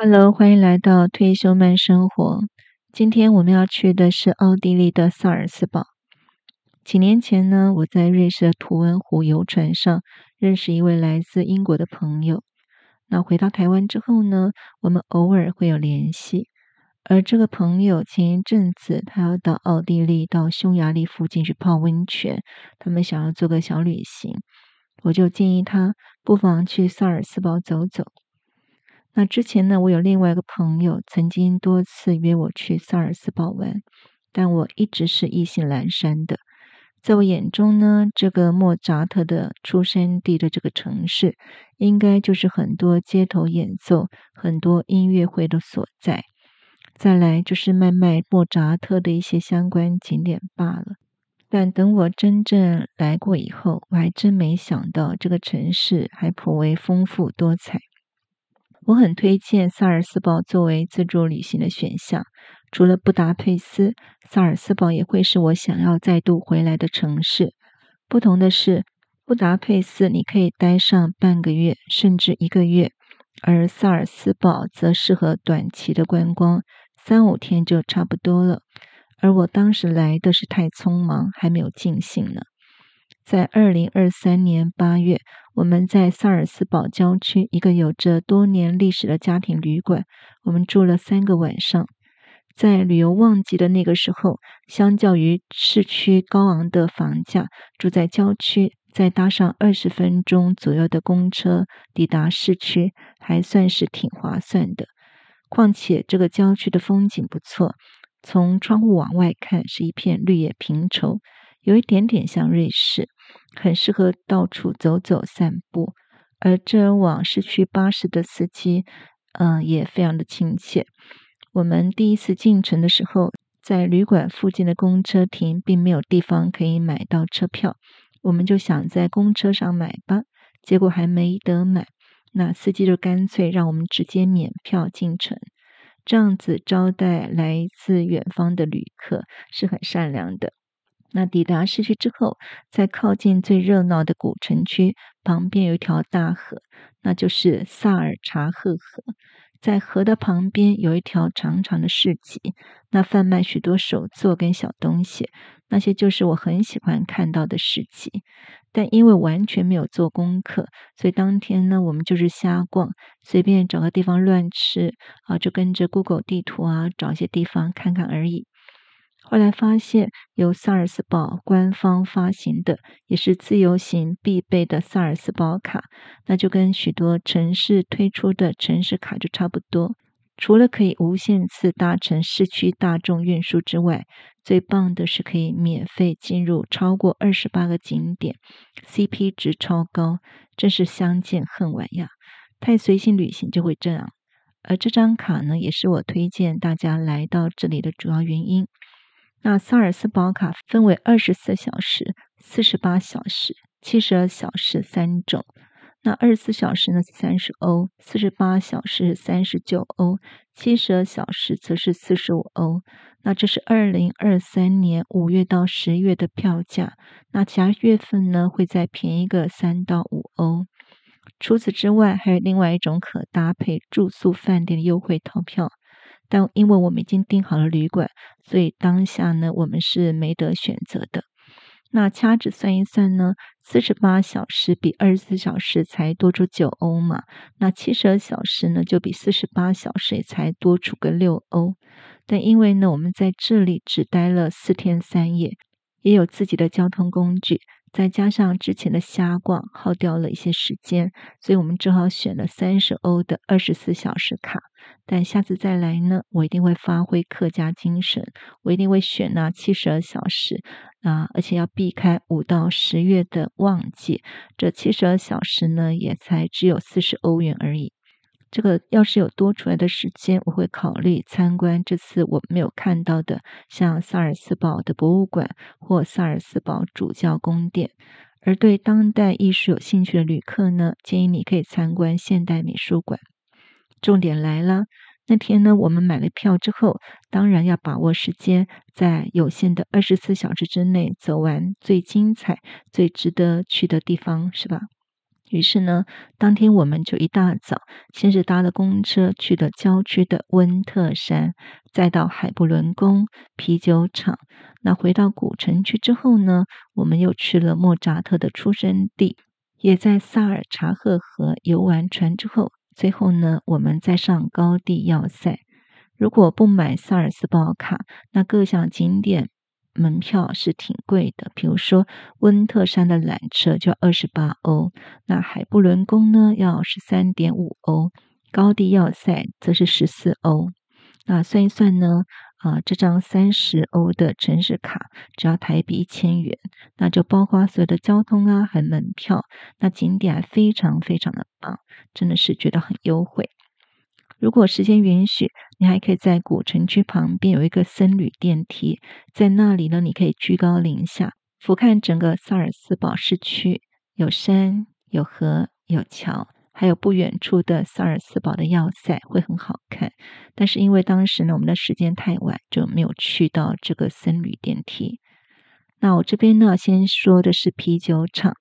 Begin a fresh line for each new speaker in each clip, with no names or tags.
Hello，歡迎來到退休慢生活。今天我們要去的是奧地利的薩爾斯堡。幾年前呢，我在瑞士的圖恩湖遊船上認識一位來自英國的朋友。那回到台灣之後呢，我們偶爾會有聯繫。而這個朋友前一陣子他要到奧地利、到匈牙利附近去泡溫泉，他們想要做個小旅行，我就建議他不妨去薩爾斯堡走走。那之前呢，我有另外一個朋友曾經多次約我去薩爾斯堡玩，但我一直是意興闌珊的。在我眼中呢，這個莫扎特的出生地的這個城市，應該就是很多街頭演奏、很多音樂會的所在。再來就是賣賣莫扎特的一些相關景點罷了。但等我真正來過以後，我還真沒想到這個城市還頗為豐富多彩。我很推薦薩爾斯堡作為自助旅行的選項，除了布達佩斯，薩爾斯堡也會是我想要再度回來的城市。不同的是，布達佩斯你可以待上半個月甚至一個月，而薩爾斯堡則適合短期的觀光，三五天就差不多了。而我當時來的是太匆忙，還沒有盡興呢。在二零二三年八月，我們在薩爾斯堡郊區一個有着多年歷史的家庭旅館，我們住了三個晚上。在旅遊旺季的那個時候，相較於市區高昂的房價，住在郊區，再搭上二十分鐘左右的公車抵達市區，還算是挺划算的。況且這個郊區的風景不錯，從窗戶往外看是一片綠野平疇，有一點點像瑞士。很適合到處走走散步，而這往市區巴士的司機，嗯、呃，也非常的親切。我們第一次進城的時候，在旅館附近的公車亭並沒有地方可以買到車票，我們就想在公車上買吧，結果還沒得買，那司機就乾脆讓我們直接免票進城。這樣子招待來自遠方的旅客是很善良的。那抵達市區之後，在靠近最熱鬧的古城區旁邊有一條大河，那就是薩爾查赫河。在河的旁邊有一條長長的市集，那販賣許多手作跟小東西，那些就是我很喜歡看到的市集。但因為完全沒有做功課，所以當天呢，我們就是瞎逛，隨便找個地方亂吃啊，就跟着 Google 地圖啊找一些地方看看而已。後來發現，由薩爾斯堡官方發行的，也是自由行必備的薩爾斯堡卡，那就跟許多城市推出的城市卡就差不多。除了可以無限次搭乘市區大眾運輸之外，最棒的是可以免費進入超過二十八個景點，CP 值超高，真是相見恨晚呀！太隨性旅行就會這樣，而這張卡呢，也是我推薦大家來到這裡的主要原因。那薩爾斯堡卡分為二十四小時、四十八小時、七十二小時三種。那二十四小時呢是三十歐，四十八小時是三十九歐，七十二小時則是四十五歐。那這是二零二三年五月到十月的票價。那其他月份呢會再便宜個三到五歐。除此之外，還有另外一種可搭配住宿飯店的優惠套票。但因為我們已經訂好了旅館，所以當下呢，我們是沒得選擇的。那掐指算一算呢，四十八小時比二十四小時才多出九歐嘛。那七十二小時呢，就比四十八小時才多出個六歐。但因為呢，我們在這裡只待了四天三夜，也有自己的交通工具。再加上之前的瞎逛，耗掉了一些時間，所以我們只好選了三十歐的二十四小時卡。但下次再來呢，我一定會發揮客家精神，我一定會選那七十二小時啊，而且要避開五到十月的旺季。這七十二小時呢，也才只有四十歐元而已。這個要是有多出來的時間，我會考慮參觀這次我沒有看到的，像薩爾斯堡的博物館或薩爾斯堡主教宮殿。而對當代藝術有興趣的旅客呢，建議你可以參觀現代美術館。重點來了，那天呢，我們買了票之後，當然要把握時間，在有限的二十四小時之內走完最精彩、最值得去的地方，是吧？於是呢，當天我們就一大早，先是搭了公車去的郊區的溫特山，再到海布倫宮啤酒廠。那回到古城區之後呢，我們又去了莫扎特的出生地，也在薩爾查赫河遊完船之後，最後呢，我們再上高地要塞。如果不買薩爾斯堡卡，那各項景點，門票是挺貴的，比如說溫特山的纜車就要二十八歐，那海布倫宮呢要十三點五歐，高地要塞則是十四歐。那算一算呢，啊、呃，這張三十歐的城市卡只要台幣一千元，那就包括所有的交通啊，還有門票，那景點非常非常的棒，真的是覺得很優惠。如果時間允許，你還可以在古城區旁邊有一個僧侶電梯，在那裡呢，你可以居高臨下俯瞰整個薩爾斯堡市區，有山、有河、有橋，還有不遠處的薩爾斯堡的要塞，會很好看。但是因為當時呢，我們的時間太晚，就沒有去到這個僧侶電梯。那我這邊呢，先說的是啤酒廠。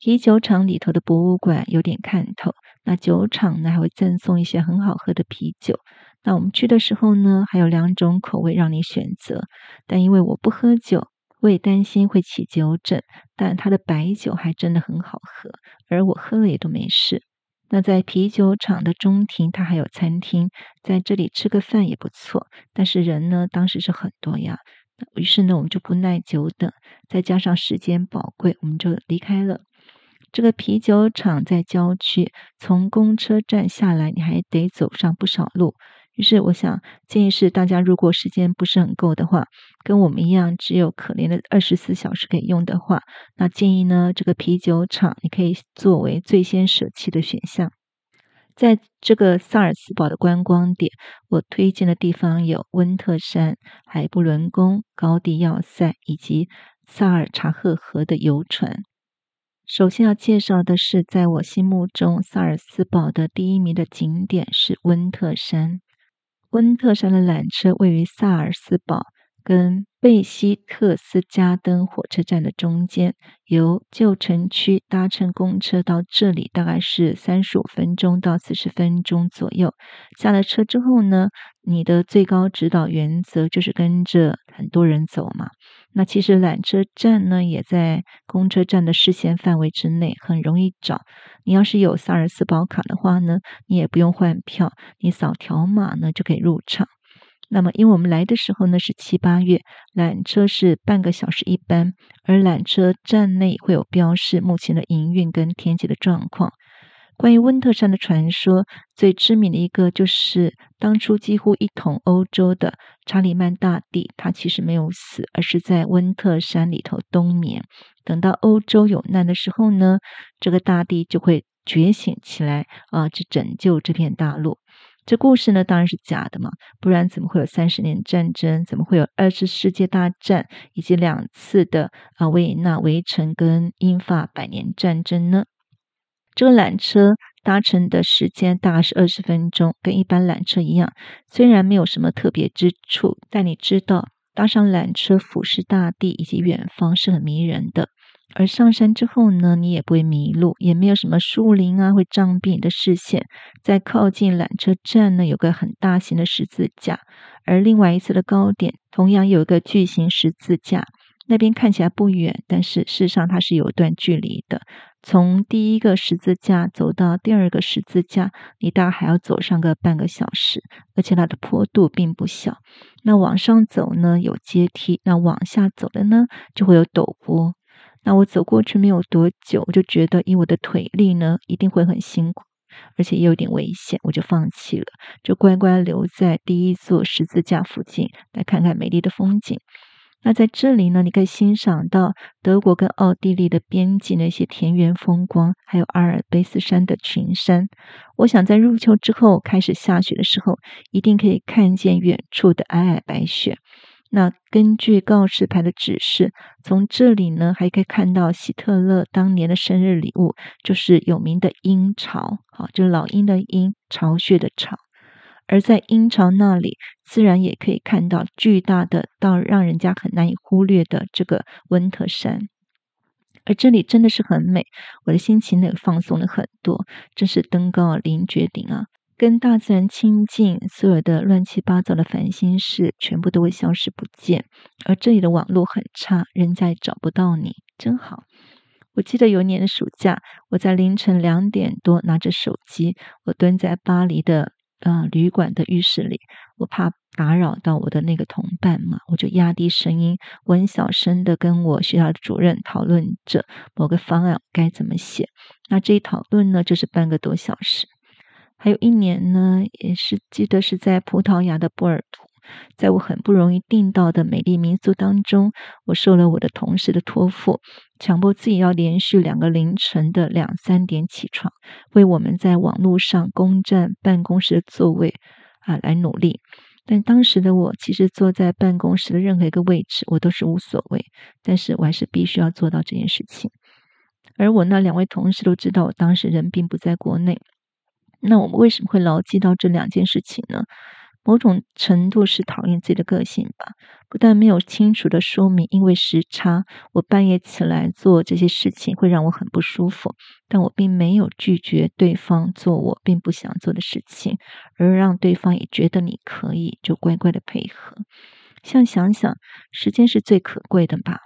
啤酒廠裡頭的博物館有點看頭，那酒廠呢還會贈送一些很好喝的啤酒。那我們去的時候呢，還有兩種口味讓你選擇，但因為我不喝酒，我也擔心會起酒疹，但它的白酒還真的很好喝，而我喝了也都沒事。那在啤酒廠的中庭，它還有餐廳，在這裡吃個飯也不錯。但是人呢，當時是很多呀，於是呢，我們就不耐久等，再加上時間寶貴，我們就離開了。這個啤酒廠在郊區，從公車站下來，你還得走上不少路。於是，我想建議是，大家如果時間不是很夠的話，跟我們一樣只有可憐的二十四小時可以用的話，那建議呢，這個啤酒廠你可以作為最先舍棄的選項。在這個薩爾斯堡的觀光點，我推薦的地方有溫特山、海布倫宮、高地要塞以及薩爾查赫河的遊船。首先要介紹的是，在我心目中薩爾斯堡的第一名的景點是溫特山。溫特山的纜車位於薩爾斯堡跟貝希特斯加登火車站的中間，由舊城區搭乘公車到這裡大概是三十五分鐘到四十分鐘左右。下了車之後呢，你的最高指導原則就是跟着很多人走嘛。那其實纜車站呢，也在公車站的視線範圍之內，很容易找。你要是有薩爾斯堡卡的話呢，你也不用換票，你掃條碼呢就可以入場。那麼，因為我們來的時候呢是七八月，纜車是半個小時一班，而纜車站內會有標示目前的營運跟天氣的狀況。關於溫特山的傳說，最知名的一個就是當初幾乎一統歐洲的查理曼大帝，他其實沒有死，而是在溫特山裡頭冬眠。等到歐洲有難的時候呢，這個大帝就會覺醒起來啊，去、呃、拯救這片大陸。這故事呢，當然是假的嘛，不然怎麼會有三十年戰爭，怎麼會有二次世界大戰，以及兩次的啊、呃、維也納圍城跟英法百年戰爭呢？這個纜車搭乘的時間大概是二十分鐘，跟一般纜車一樣。雖然沒有什麼特別之處，但你知道，搭上纜車俯視大地以及遠方是很迷人的。而上山之後呢，你也不會迷路，也沒有什麼樹林啊會障蔽你的視線。在靠近纜車站呢，有個很大型的十字架；而另外一側的高點同樣有一個巨型十字架。那邊看起來不遠，但是事實上它是有一段距離的。從第一個十字架走到第二個十字架，你大概還要走上個半個小時，而且它的坡度並不小。那往上走呢，有階梯，那往下走的呢就會有陡坡。那我走過去沒有多久，我就覺得，以我的腿力呢一定會很辛苦，而且也有點危險，我就放棄了，就乖乖留在第一座十字架附近，來看看美麗的風景。那在這裡呢，你可以欣賞到德國跟奧地利的邊境那些田園風光，還有阿爾卑斯山的群山。我想在入秋之後開始下雪的時候，一定可以看見遠處的皚皚白雪。那根據告示牌的指示，從這裡呢還可以看到希特勒當年的生日禮物，就是有名的鷹巢，好，就是老鷹的鷹巢穴的巢。而在鷹巢那裡，自然也可以看到巨大的到讓人家很難以忽略的這個溫特山。而這裡真的是很美，我的心情呢也放鬆了很多，真是登高臨絕頂啊！跟大自然親近，所有的亂七八糟的煩心事全部都會消失不見。而這裡的網絡很差，人家也找不到你，真好。我記得有一年的暑假，我在凌晨兩點多拿着手機，我蹲在巴黎的。呃，旅館的浴室裡，我怕打擾到我的那個同伴嘛，我就壓低聲音，我很小聲的跟我學校的主任討論着某個方案該怎麼寫。那這一討論呢，就是半個多小時。還有一年呢，也是記得是在葡萄牙的波爾圖，在我很不容易訂到的美麗民宿當中，我受了我的同事的托付。強迫自己要連續兩個凌晨的兩三點起床，為我們在網絡上攻佔辦公室的座位啊來努力。但當時的我其實坐在辦公室的任何一個位置，我都是無所謂，但是我還是必須要做到這件事情。而我那兩位同事都知道我當時人並不在國內，那我們為什麼會牢記到這兩件事情呢？某種程度是討厭自己的個性吧，不但沒有清楚的說明，因為時差，我半夜起來做這些事情會讓我很不舒服，但我並沒有拒絕對方做我並不想做的事情，而讓對方也覺得你可以就乖乖的配合。現在想想，時間是最可貴的吧，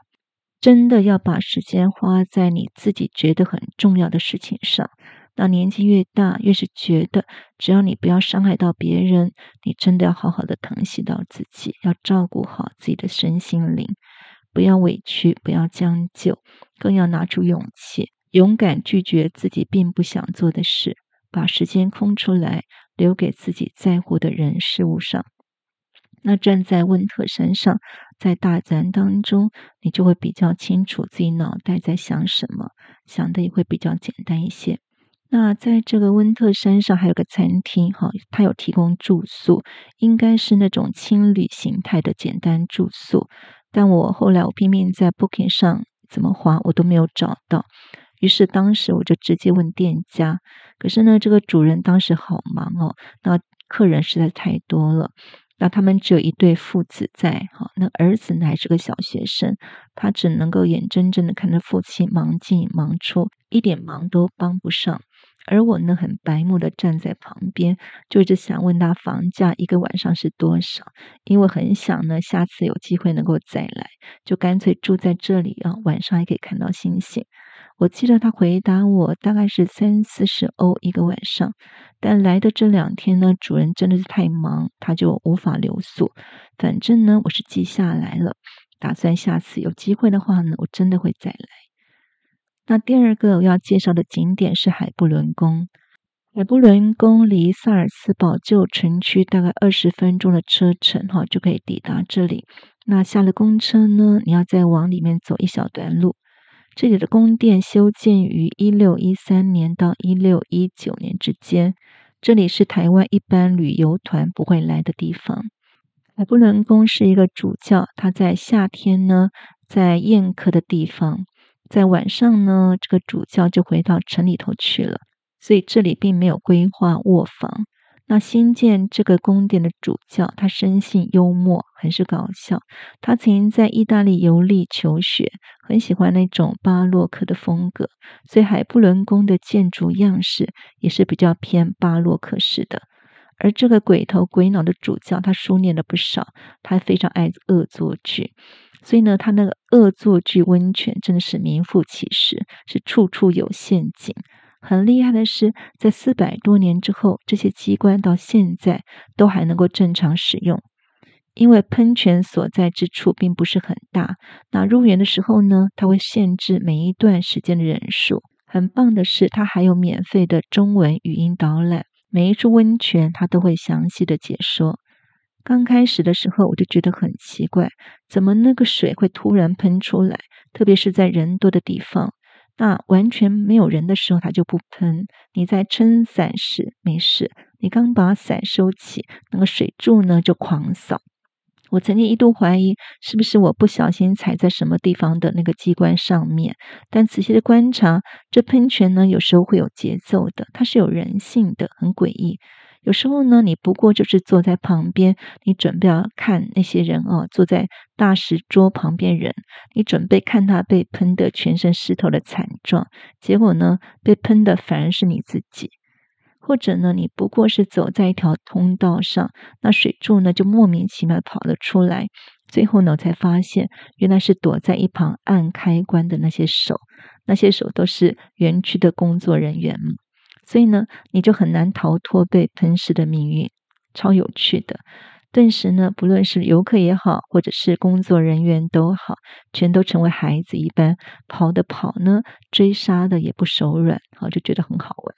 真的要把時間花在你自己覺得很重要的事情上。那年紀越大，越是覺得，只要你不要傷害到別人，你真的要好好的疼惜到自己，要照顧好自己的身心靈，不要委屈，不要將就，更要拿出勇氣，勇敢拒絕自己並不想做的事，把時間空出來，留給自己在乎的人事物上。那站在溫特山上，上，在大自然當中，你就會比較清楚自己腦袋在想什麼，想的也會比較簡單一些。那在這個溫特山上還有個餐廳哈，它有提供住宿，應該是那種青旅形態的簡單住宿。但我後來我拼命在 Booking 上怎麼劃，我都沒有找到。於是當時我就直接問店家，可是呢，這個主人當時好忙哦，那客人實在太多了，那他們只有一對父子在哈，那兒子呢還是個小學生，他只能夠眼睜睜的看着父親忙進忙出，一點忙都幫不上。而我呢，很白目的站在旁邊，就是想問他房價一個晚上是多少，因為很想呢，下次有機會能夠再來，就乾脆住在這裡啊，晚上還可以看到星星。我記得他回答我大概是三四十歐一個晚上，但來的這兩天呢，主人真的是太忙，他就無法留宿。反正呢，我是記下來了，打算下次有機會的話呢，我真的會再來。那第二個我要介紹的景點是海布倫宮。海布倫宮離薩爾斯堡舊城區大概二十分鐘的車程、哦，哈，就可以抵達這裡。那下了公車呢，你要再往裡面走一小段路。這裡的宮殿修建於一六一三年到一六一九年之間。這裡是台灣一般旅遊團不會來的地方。海布倫宮是一個主教，他在夏天呢，在宴客的地方。在晚上呢，這個主教就回到城裡頭去了，所以這裡並沒有規劃臥房。那新建這個宮殿的主教，他生性幽默，很是搞笑。他曾經在意大利遊歷求學，很喜歡那種巴洛克的風格，所以海布倫宮的建築樣式也是比較偏巴洛克式的。而這個鬼頭鬼腦的主教，他書念了不少，他非常愛惡作劇，所以呢，他那個惡作劇溫泉真的是名副其實，是處處有陷阱。很厲害的是，在四百多年之後，這些機關到現在都還能夠正常使用。因為噴泉所在之處並不是很大，那入園的時候呢，它會限制每一段時間的人數。很棒的是，它還有免費的中文語音導覽。每一處溫泉，他都會詳細的解說。剛開始的時候，我就覺得很奇怪，怎麼那個水會突然噴出來？特別是在人多的地方，那完全沒有人的時候，它就不噴。你在撐傘時沒事，你剛把傘收起，那個水柱呢就狂掃。我曾經一度懷疑是不是我不小心踩在什麼地方的那個機關上面，但仔細的觀察，這噴泉呢有時候會有節奏的，它是有人性的，很詭異。有時候呢，你不過就是坐在旁邊，你準備要看那些人哦，坐在大石桌旁邊人，你準備看他被噴的全身濕透的慘狀，結果呢，被噴的反而是你自己。或者呢，你不過是走在一條通道上，那水柱呢就莫名其妙跑了出來。最後呢，我才發現原來是躲在一旁按開關的那些手，那些手都是園區的工作人員。所以呢，你就很難逃脫被噴濕的命運。超有趣的，頓時呢，不論是遊客也好，或者是工作人員都好，全都成為孩子一般，跑的跑呢，追殺的也不手軟，好就覺得很好玩。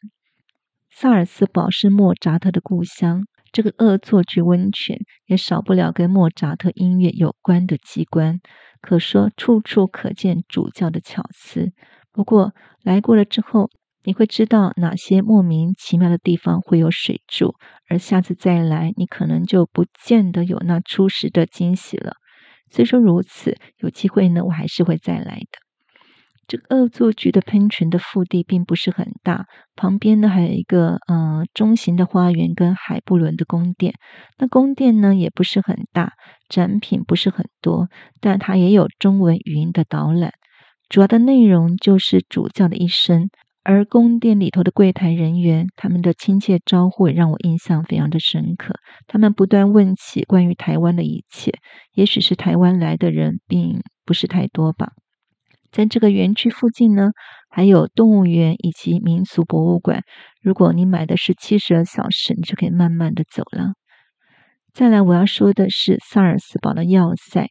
薩爾斯堡是莫扎特的故鄉，這個惡作劇溫泉也少不了跟莫扎特音樂有關的機關，可說處處可見主教的巧思。不過來過了之後，你會知道哪些莫名其妙的地方會有水柱，而下次再來，你可能就不見得有那初時的驚喜了。雖說如此，有機會呢，我還是會再來的。這個惡作劇的噴泉的腹地並不是很大，旁邊呢還有一個嗯、呃、中型的花園跟海布倫的宮殿。那宮殿呢也不是很大，展品，不是很多，但它也有中文語音的導覽。主要的內容就是主教的一生。而宮殿裡頭的櫃檯人員，他們的親切招呼也讓我印象非常的深刻。他們不斷問起關於台灣的一切，也許是台灣來的人並不是太多吧。在這個園區附近呢，還有動物園以及民俗博物館。如果你買的是七十二小時，你就可以慢慢的走了。再來，我要說的是薩爾斯堡的要塞，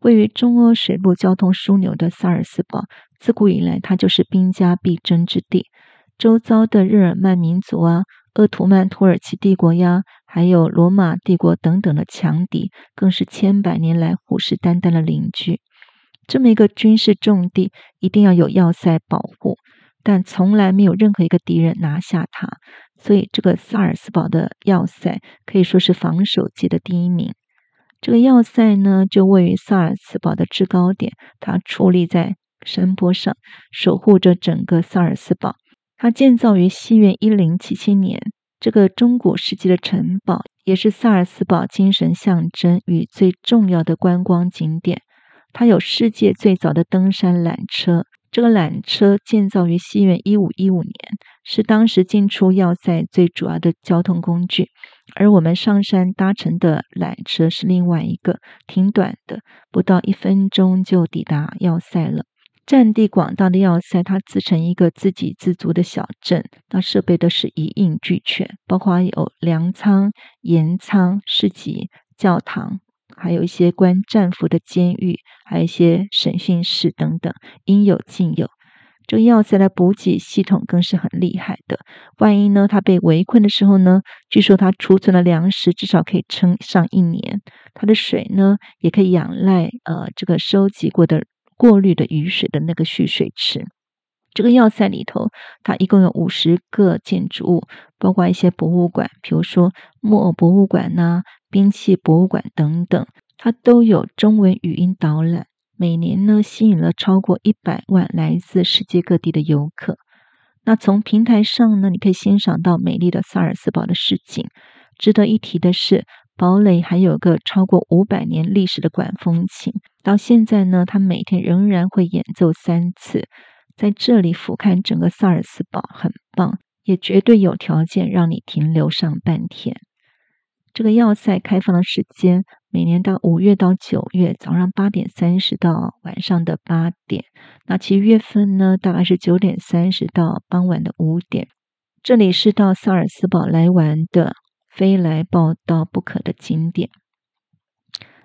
位於中歐水陸交通樞紐的薩爾斯堡，自古以來它就是兵家必爭之地。周遭的日耳曼民族啊、鄂圖曼土耳其帝國呀，還有羅馬帝國等等的強敵，更是千百年來虎視眈眈的鄰居。這麼一個軍事重地，一定要有要塞保護，但從來沒有任何一個敵人拿下它。所以，這個薩爾斯堡的要塞可以說是防守界的第一名。這個要塞呢，就位於薩爾斯堡的制高點，它矗立在山坡上，守護着整個薩爾斯堡。它建造於西元一零七七年，這個中古世紀的城堡也是薩爾斯堡精神象徵與最重要的觀光景點。它有世界最早的登山纜車，這個纜車建造於西元一五一五年，是當時進出要塞最主要的交通工具。而我們上山搭乘的纜車是另外一個，挺短的，不到一分鐘就抵達要塞了。佔地廣大的要塞，它自成一個自給自足的小鎮，那設備都是一應俱全，包括有糧倉、鹽倉、市集、教堂。還有一些關戰俘的監獄，還有一些審訊室等等，應有盡有。這個要塞的補給系統更是很厲害的。萬一呢，他被圍困的時候呢，據說他儲存的糧食至少可以撐上一年。他的水呢，也可以仰賴呃這個收集過的過濾的雨水的那個蓄水池。這個要塞裡頭，它一共有五十個建築物，包括一些博物館，比如說木偶博物館呢、啊、兵器博物館等等，它都有中文語音導覽。每年呢，吸引了超過一百萬來自世界各地的遊客。那從平台上呢，你可以欣賞到美麗的薩爾斯堡的市景。值得一提的是，堡壘還有個超過五百年歷史的管風琴，到現在呢，它每天仍然會演奏三次。在這裡俯瞰整個薩爾斯堡很棒，也絕對有條件讓你停留上半天。這個要塞開放的時間每年到五月到九月，早上八點三十到晚上的八點；那其餘月份呢，大概是九點三十到傍晚的五點。這裡是到薩爾斯堡來玩的非來報到不可的景點。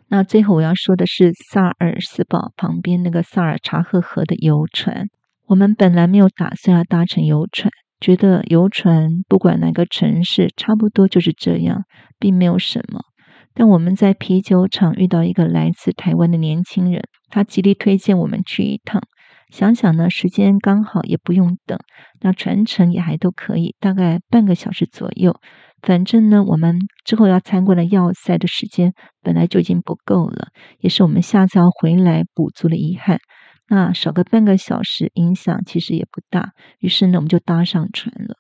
那最後我要說的是，薩爾斯堡旁邊那個薩爾查赫河的遊船。我們本來沒有打算要搭乘遊船，覺得遊船不管哪個城市差不多就是這樣，並沒有什麼。但我們在啤酒廠遇到一個來自台灣的年輕人，他極力推薦我們去一趟。想想呢，時間剛好，也不用等，那船程也還都可以，大概半個小時左右。反正呢，我們之後要參觀的要塞的時間本來就已經不夠了，也是我們下次要回來補足的遺憾。那少個半個小時，影響其實也不大。於是呢，我們就搭上船了。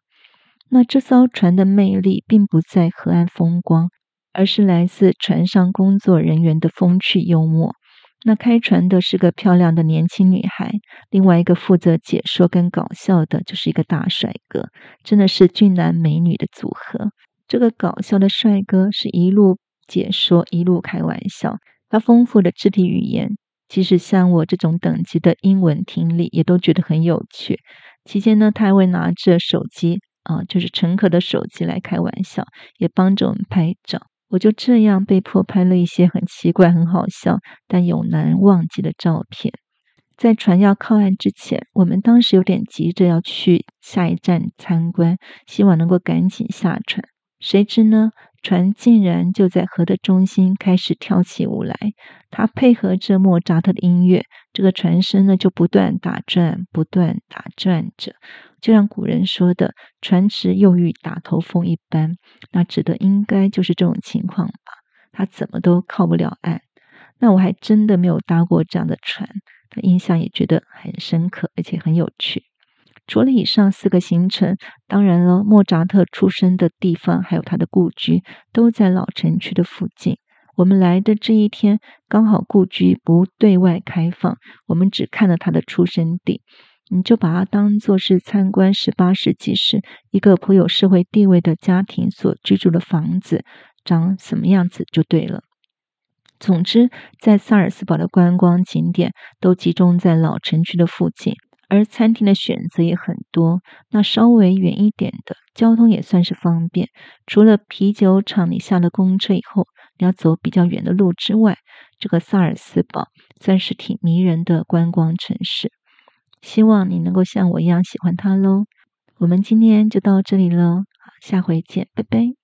那這艘船的魅力並不在河岸風光，而是來自船上工作人員的風趣幽默。那開船的是個漂亮的年輕女孩，另外一個負責解說跟搞笑的，就是一個大帥哥，真的是俊男美女的組合。這個搞笑的帥哥是一路解說，一路開玩笑，他豐富的肢體語言。其實像我這種等級的英文聽力，也都覺得很有趣。期間呢，他還會拿着手機，啊、呃，就是乘客的手機來開玩笑，也幫着我們拍照。我就這樣被迫拍了一些很奇怪、很好笑但永難忘記的照片。在船要靠岸之前，我們當時有點急着要去下一站參觀，希望能夠趕緊下船。誰知呢？船竟然就在河的中心開始跳起舞來，它配合着莫扎特的音樂，這個船身呢就不斷打轉，不斷打轉着，就像古人說的“船遲又遇打頭風”一般，那指的應該就是這種情況吧。它怎麼都靠不了岸，那我還真的沒有搭過這樣的船，他印象也覺得很深刻，而且很有趣。除了以上四個行程，當然了，莫扎特出生的地方還有他的故居，都在老城區的附近。我們來的這一天剛好故居不對外開放，我們只看了他的出生地，你就把它當做是參觀十八世紀時，一個頗有社會地位的家庭所居住的房子長什麼樣子就對了。總之，在薩爾斯堡的觀光景點都集中在老城區的附近。而餐廳的選擇也很多，那稍微遠一點的，交通也算是方便。除了啤酒廠，你下了公車以後，你要走比較遠的路之外，這個薩爾斯堡算是挺迷人的觀光城市。希望你能夠像我一樣喜歡它嘍。我們今天就到這裡了，下回見，拜拜。